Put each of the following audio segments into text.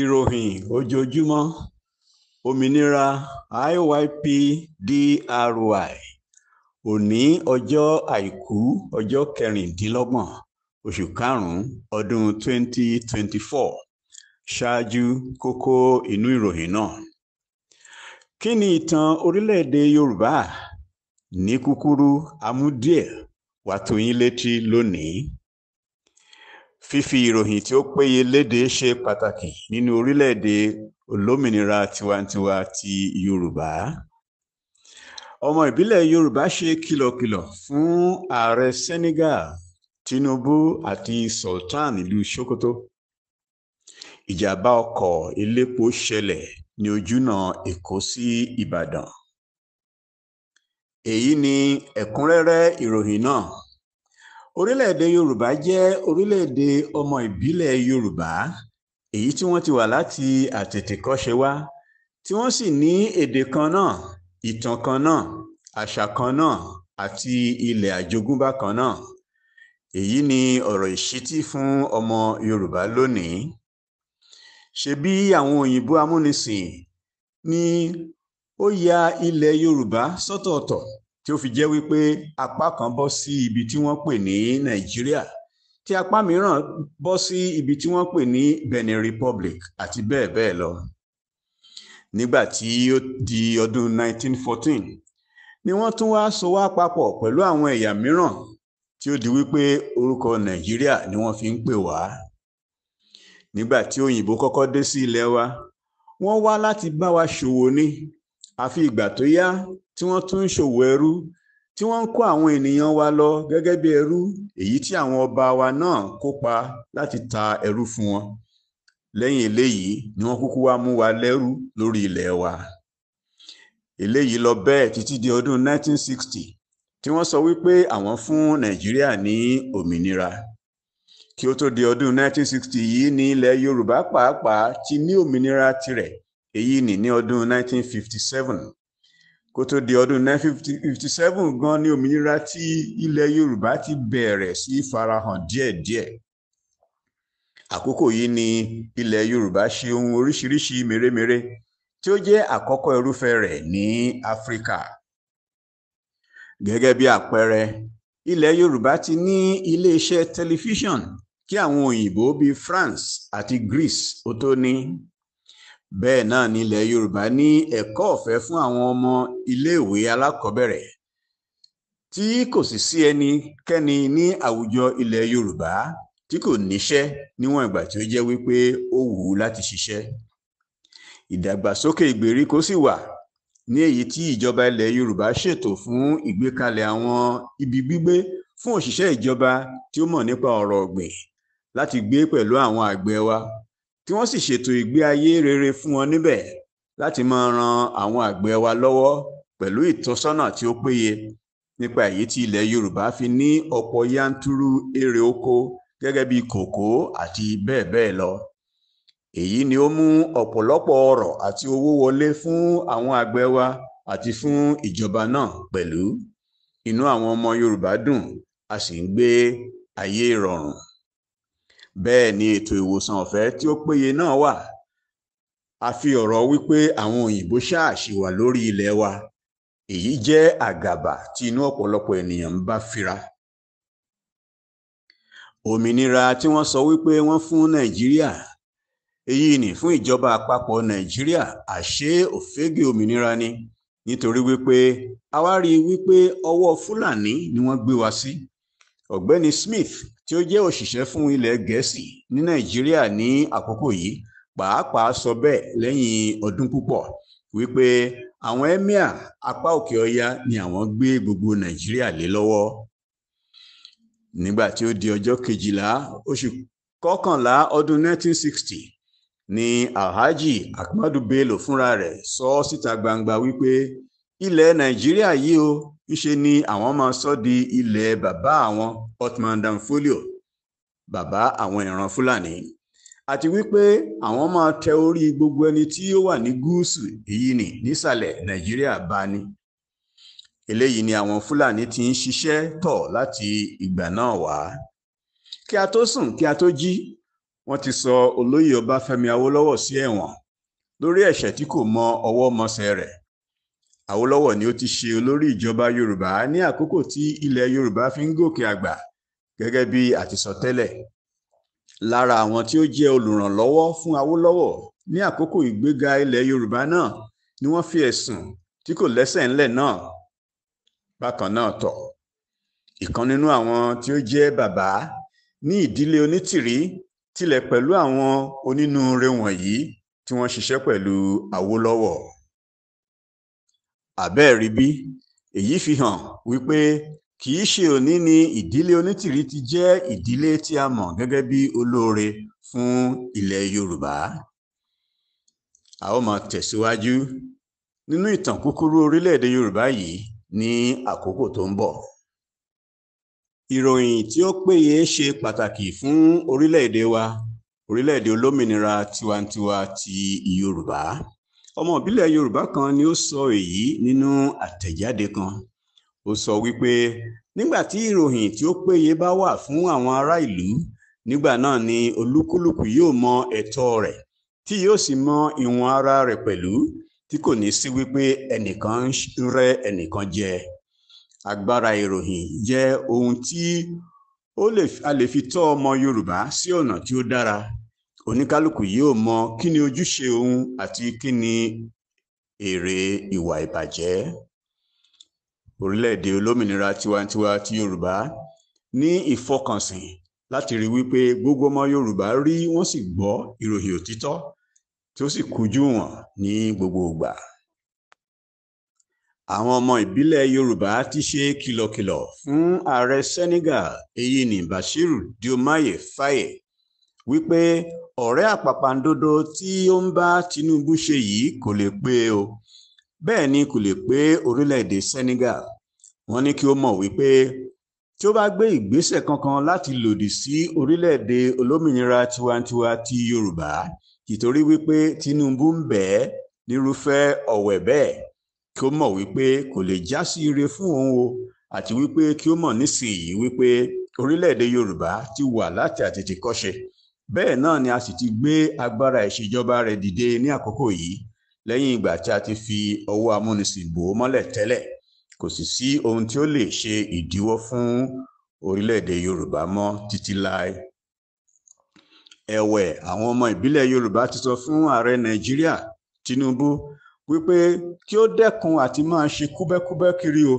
ìròyìn ojoojúmọ́ òmìnira IYPDRY òní ọjọ́ àìkú ọjọ́ kẹrìndínlọ́gbọ̀n oṣù karùn-ún ọdún 2024 ṣáájú kókó inú ìròyìn náà kí ni ìtàn orílẹ̀-èdè Yorùbá ní kúkúrú amúdíẹ̀ wàá tó yín létí lónìí fífi ìròyìn tí ó péye léde ṣe pàtàkì nínú orílẹ̀-èdè olómìnira tiwantiwa ti yorùbá ọmọ ìbílẹ̀ yorùbá ṣe kìlọ̀kìlọ̀ fún ààrẹ senegal tinubu àti sultan ìlú sokoto ìjàmbá ọkọ̀ elépo ṣẹlẹ̀ ní ojúnà èkó sí ìbàdàn èyí ni ẹ̀kúnrẹ́rẹ́ ìròyìn náà orílẹ̀-èdè yorùbá jẹ́ orílẹ̀-èdè ọmọ ìbílẹ̀ yorùbá èyí tí wọ́n ti wà láti àtètèkọ́ṣe wá tí wọ́n sì ní èdè kan náà ìtàn kan náà àṣà kan náà àti ilẹ̀ àjogúnbá kan náà èyí ni ọ̀rọ̀ ìṣítí fún ọmọ yorùbá lónìí ṣebí àwọn òyìnbó amúnisìn ni ó ya ilẹ̀ yorùbá sọ́tọ̀ọ̀tọ̀ tí ó fi jẹ́ wípé apá kan bọ́ sí ibi tí wọ́n pè ní Nàìjíríà tí apá mìíràn bọ́ sí ibi tí wọ́n pè ní Benin Republic àti bẹ́ẹ̀ bẹ́ẹ̀ lọ. Nígbà tí ó di ọdún 1914 ni wọ́n tún wá so wá papọ̀ pẹ̀lú àwọn ẹ̀yà mìíràn tí ó di wípé orúkọ Nàìjíríà ni wọ́n fi ń pè wá. Nígbà tí òyìnbó kọ́kọ́ dé sí ilẹ̀ wa wọ́n wá láti bá wa ṣòwò ni àfi ìgbà tó yá tí wọ́n tún ń ṣòwò ẹrú tí wọ́n ń kó àwọn ènìyàn wa lọ gẹ́gẹ́ bí ẹrú èyí tí àwọn ọba wa náà kópa láti ta ẹrú fún wọn lẹ́yìn eléyìí ni wọ́n kúkú wá mú wa lẹ́rú lórí ilẹ̀ wa eléyìí lọ bẹ́ẹ̀ títí di ọdún 1960 tí wọ́n sọ wípé àwọn fún nàìjíríà ní òmìnira kí ó tó di ọdún 1960 yìí ní ilẹ̀ yorùbá pàápàá ti ní òmìnira tirẹ̀ èyí ni ní ọdún 1957 kó tó di ọdún 1957 gan ni òmìnira ti ilẹ̀ Yorùbá ti bẹ̀rẹ̀ sí farahàn díẹ̀díẹ̀ àkókò yìí ni ilẹ̀ Yorùbá ṣe ohun oríṣiríṣi mèremère tí ó jẹ́ àkọ́kọ́ irúfẹ́ rẹ̀ ní Áfíríkà gẹ́gẹ́ bí àpẹẹrẹ ilẹ̀ Yorùbá ti ní iléeṣẹ́ tẹlifíṣàn kí àwọn òyìnbó bíi France àti Greece ó tó ní bẹ́ẹ̀ náà ni ilẹ̀ Yorùbá ní ẹ̀kọ́ ọ̀fẹ́ fún àwọn ọmọ iléèwé alákọ̀ọ́bẹ̀rẹ̀ tí kò sì sí ẹnikẹ́ni ní àwùjọ ilẹ̀ Yorùbá tí kò níṣẹ́ níwọ̀n ìgbà tí ó jẹ́ wípé ó wù ú láti ṣiṣẹ́ ìdàgbàsókè ìgbèríko sì wà ní èyí tí ìjọba ilẹ̀ Yorùbá ṣètò fún ìgbékalẹ̀ àwọn ibi gbígbé fún òṣìṣẹ́ ìjọba tí ó mọ̀ nípa ọ̀rọ̀ ọ̀gbìn láti gbé pẹ̀lú àwọn àgbẹ̀ wa tí wọ́n sì ṣètò ìgbé ayé rere fún wọn níbẹ̀ láti máa ran àwọn àgbẹ̀ wa lọ́wọ́ pẹ̀lú ìtọ́sọ́nà tí ó péye nípa èyí tí ilẹ̀ Yorùbá fi ní ọ̀pọ̀ yanturu èrè oko gẹ́gẹ́ bí kòkó àti bẹ́ẹ̀ bẹ́ẹ̀ lọ. Èyí ni ó mú ọ̀pọ̀lọpọ̀ ọrọ̀ àti owó wọlé fún àwọn àgbẹ̀ wa àti fún ìjọba náà pẹ̀lú. Inú àwọn ọmọ Yorùbá dùn a sì ń gbé ayé ìrọ̀rùn bẹ́ẹ̀ ni ètò ìwòsàn ọ̀fẹ́ tí ó péye náà wà a fi ọ̀rọ̀ wípé àwọn òyìnbó ṣáàṣì wà lórí ilẹ̀ wa èyí jẹ́ àgàbà tí inú ọ̀pọ̀lọpọ̀ ènìyàn ń bá fira òmìnira tí wọ́n sọ wípé wọ́n fún nàìjíríà èyí ni fún ìjọba àpapọ̀ nàìjíríà àṣé òfégè òmìnira ni nítorí wípé a wá rí i wípé ọwọ́ fúlàní ni wọ́n gbé wa sí si ọ̀gbẹ́ni Smith tí ó jẹ́ òṣìṣẹ́ fún ilẹ̀ Gẹ̀ẹ́sì ní Nàìjíríà ní àkókò yìí pàápàá sọ bẹ́ẹ̀ lẹ́yìn ọdún púpọ̀ wípé àwọn emir apá òkè ọya ni àwọn gbé gbogbo Nàìjíríà lé lọ́wọ́ nígbà tí ó di ọjọ́ kejìlá oṣù kọkànlá ọdún 1960 ni Alhaji Ahmadu Bello fúnra rẹ̀ sọ so síta gbangba wípé ilẹ̀ Nàìjíríà yìí o ńṣe ni àwọn máa sọ di ilẹ̀ bàbá àwọn Otman Dan Folio bàbá àwọn ìran Fúlàní àti wípé àwọn máa tẹ orí gbogbo ẹni tí ó wà ní gúúsù èyí ni nísàlẹ̀ Nàìjíríà bá ní eléyìí ni àwọn Fúlàní ti ń ṣiṣẹ́ tọ̀ láti ìgbà náà wá kí a tó sùn kí a tó jí wọ́n ti sọ olóyè Ọbáfẹ́mi Awólọ́wọ̀ sí ẹ̀wọ̀n lórí ẹ̀ṣẹ̀ tí kò mọ ọwọ́ mọsẹ̀ rẹ̀ Awólọ́wọ̀ ni ó ti ṣe olórí ìjọba Yorùbá ní àkókò tí ilẹ̀ Yorùbá fi ń gòkè àgbà gẹ́gẹ́ bí a ti sọ tẹ́lẹ̀ lára àwọn tí ó jẹ́ olùrànlọ́wọ́ fún Awólọ́wọ̀ ní àkókò ìgbéga ilẹ̀ Yorùbá náà ni wọ́n fi ẹ̀sùn tí kò lẹ́sẹ̀ ńlẹ̀ náà bákan náà tọ̀ ìkan nínú àwọn tí ó jẹ́ bàbá ní ìdílé onítìrí tilẹ̀ pẹ̀lú àwọn onínúure wọ̀nyí tí wọ́n ṣiṣẹ́ pẹ̀lú Awólọ́wọ̀ àbẹ́ẹ̀ rí bí èyí fi hàn wípé kì í ṣe òní ni ìdílé onítìrí ti jẹ́ ìdílé tí a mọ̀ gẹ́gẹ́ bí olóore fún ilẹ̀ yorùbá a ó máa tẹ̀síwájú nínú ìtàn kúkúrú orílẹ̀-èdè yorùbá yìí ní àkókò tó ń bọ̀ ìròyìn tí ó péye ṣe pàtàkì fún orílẹ̀-èdè wa orílẹ̀-èdè olómìnira tiwantiwa ti yorùbá ọmọ ìbílẹ̀ yorùbá kan ni ó sọ èyí nínú àtẹ̀jáde kan ó sọ wípé nígbà tí ìròyìn tí ó péye bá wà fún àwọn ará ìlú nígbà náà ni olúkúlùkù yóò mọ ẹ̀tọ́ rẹ̀ tí yóò sì mọ ìwọ̀n ara rẹ̀ pẹ̀lú tí kò ní sí wípé ẹnìkan rẹ́ ẹnìkan jẹ agbára ìròyìn jẹ́ ohun tí a lè fi tọ́ ọmọ yorùbá sí ọ̀nà tí ó dára oníkálukú yóò mọ kí ni ojúṣe òun àti kí ni èrè ìwà ìbàjẹ́ orílẹ̀-èdè olómìnira tiwantiwa ti Yorùbá ní ìfọkànsìn láti rí wípé gbogbo ọmọ Yorùbá rí wọ́n sì gbọ́ ìròyìn òtítọ́ tí ó sì kújú wọn ní gbogbo ìgbà àwọn ọmọ ìbílẹ̀ Yorùbá ti ṣe kìlọ̀kìlọ̀ fún ààrẹ Senegal èyí ni Bashiru Diomaye Faye wípé ọ̀rẹ́ àpàpàǹdodo tí ó ń bá Tinubu ṣe yìí kò lè pé o bẹ́ẹ̀ ni kò lè pé orílẹ̀-èdè Senegal wọ́n ní kí ó mọ̀ wípé tí ó bá gbé ìgbésẹ̀ kankan láti lòdì sí orílẹ̀-èdè olómìnira tiwantiwa ti Yorùbá ìtorí wípé Tinubu ń bẹ́ẹ̀ nírúfẹ́ ọ̀wẹ̀ bẹ́ẹ̀ kí ó mọ̀ wípé kò lè já sí ire fún òun o àti wípé kí ó mọ̀ nísìnyí wípé orílẹ̀-èdè Yorùbá ti wà láti àtètèkọ́ṣe bẹ́ẹ̀ náà ni a sì ti gbé agbára ìṣèjọba rẹ̀ dìde ní àkókò yìí lẹ́yìn ìgbà tí a ti fi ọwọ́ amúnisìn bò ó mọ́lẹ̀ tẹ́lẹ̀ kò sì sí ohun tí ó lè ṣe ìdíwọ́ fún orílẹ̀-èdè yorùbá mọ́ títí láé ẹ̀wẹ̀ àwọn ọmọ ìbílẹ̀ yorùbá ti sọ fún ààrẹ nàìjíríà tinubu wípé kí ó dẹ́kun àti máa ṣe kúbẹ́kúbẹ́ kiri o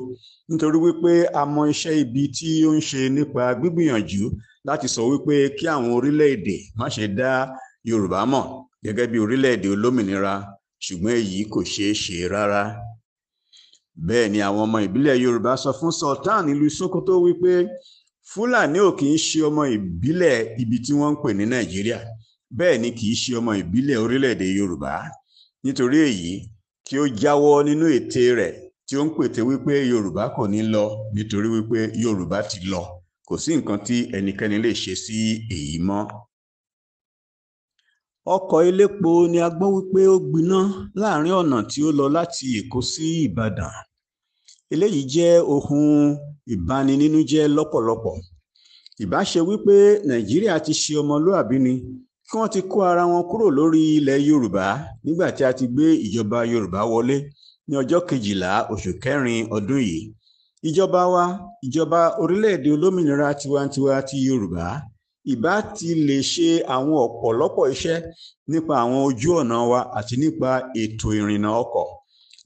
nítorí wípé a mọ iṣẹ́ ibi tí ó ń ṣe nípa gbígbìyànjú láti sọ wípé kí àwọn orílẹ̀-èdè má ṣe dá Yorùbá mọ̀ gẹ́gẹ́ bí orílẹ̀-èdè olómìnira ṣùgbọ́n èyí kò ṣeé ṣe rárá. Bẹ́ẹ̀ ni àwọn ọmọ ìbílẹ̀ Yorùbá sọ fún Sultan ìlú Sokoto wípé Fúlàní ò kì í ṣe ọmọ ìbílẹ̀ ibi tí wọ́n ń pè ní Nàìjíríà bẹ́ẹ̀ ni kì í ṣe ọmọ ìbílẹ̀ orílẹ̀-èdè Yorùbá nítorí èyí kí ó jáwọ́ nínú ète rẹ̀ tí ó ń pète wípé Yorùbá kò ní lọ nítorí wípé Yorùbá ti lọ kò sí nǹkan tí ẹnikẹ́ni lè ṣe sí èyí mọ́ ọkọ̀ elépo ni a gbọ́ wípé ó gbiná láàrin ọ̀nà tí ó lọ láti èkó sí ìbàdàn eléyìí jẹ́ ohun ìbaninínújẹ́ lọ́pọ̀lọpọ̀ ìbá ṣe wípé nàìjíríà ti ṣe ọmọlúàbí ni kí wọ́n ti kó ara wọn kúrò lórí ilẹ̀ yorùbá nígbà tí a ti gbé ìjọba yorùbá wọlé ní ọjọ́ kejìlá oṣù kẹrin ọdún yìí ìjọba wa ìjọba orílẹ̀-èdè olómìnira tiwantiwa ti yorùbá ìbá ti lè ṣe àwọn ọ̀pọ̀lọpọ̀ iṣẹ́ nípa àwọn ojú ọ̀nà wa àti nípa ètò ìrìnnà ọkọ̀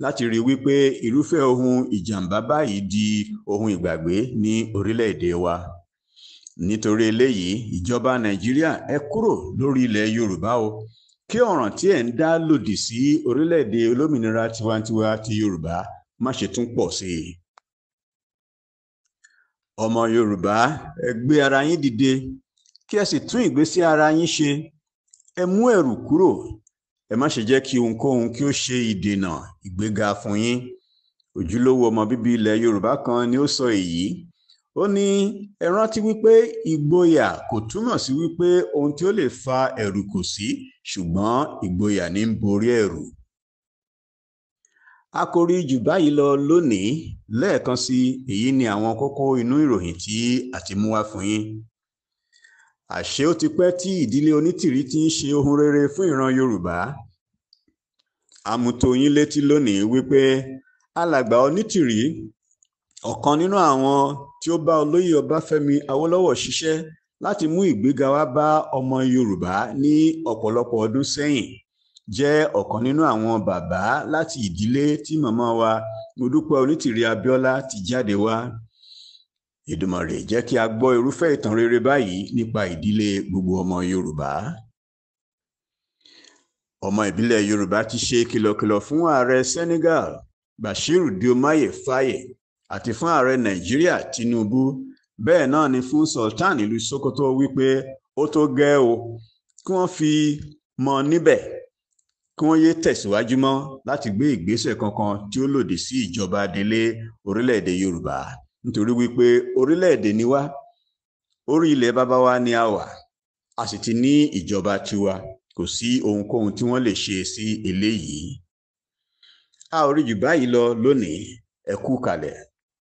láti rí wípé irúfẹ́ ohun ìjàmbá báyìí di ohun ìgbàgbé ní orílẹ̀-èdè wa nítorí eléyìí ìjọba nàìjíríà ẹ kúrò lórí ilẹ̀ yorùbá o kí ọ̀ràn tí ẹ̀ ń dá lòdì sí orílẹ̀-èdè olómìnira tiwantiwa ti yorùbá má ṣe tún pọ̀ sí i ọmọ yorùbá ẹ gbé ara yín dìde kí ẹ sì tún ìgbésí ara yín ṣe ẹ mú ẹ̀rù kúrò ẹ má ṣe jẹ́ kí ohunkóhun kí ó ṣe ìdènà ìgbéga fún yín ojúlówó ọmọ bíbí ilẹ̀ yorùbá kan ni ó sọ èyí ó ní ẹ rántí wípé ìgboyà kò túmọ̀ sí wípé ohun tí ó lè fa ẹ̀rù kò sí ṣùgbọ́n ìgboyà ní ń borí ẹ̀rù a kò rí jù báyìí lọ lónìí lẹ́ẹ̀kan sí èyí ni àwọn kókó inú ìròyìn tí a ti mú wá fún yín àṣé ó ti pẹ́ tí ìdílé onítìrí ti ń ṣe ohun rere fún ìran yorùbá àmùtòyìn létí lónìí wípé alàgbà onítìrí ọ̀kan nínú àwọn tí ó bá olóyè ọbáfẹ́mi awólọ́wọ̀ ṣiṣẹ́ láti mú ìgbéga wá bá ọmọ yorùbá ní ọ̀pọ̀lọpọ̀ ọdún sẹ́yìn jẹ́ ọ̀kan nínú àwọn bàbá láti ìdílé tí màmá wa Modúpẹ́ Onítìrí Abíọ́lá ti jáde wá Èdùmàrè jẹ́ kí a gbọ́ irúfẹ́ ìtàn rere báyìí nípa ìdílé gbogbo ọmọ Yorùbá ọmọ ìbílẹ̀ Yorùbá ti ṣe kìlọ̀kìlọ̀ fún ààrẹ Senegal Bashiru Diomaye Faye àti fún ààrẹ Nàìjíríà Tinubu bẹ́ẹ̀ náà ni fún Sultan ìlú Sokoto wípé ó tó gẹ́ o kí wọ́n fi mọ́ níbẹ̀ kí wọ́n yéé tẹ̀síwájú mọ́ láti gbé ìgbésẹ̀ kankan tí ó lòdì sí ìjọba délé orílẹ̀-èdè Yorùbá nítorí wípé orílẹ̀-èdè ni wá orí ilẹ̀ bàbá wa ni a wà a sì ti ní ìjọba tiwa kò sí ohunkóhun tí wọ́n lè ṣe sí eléyìí a ò rí jù báyìí lọ lónìí ẹ kú kalẹ̀.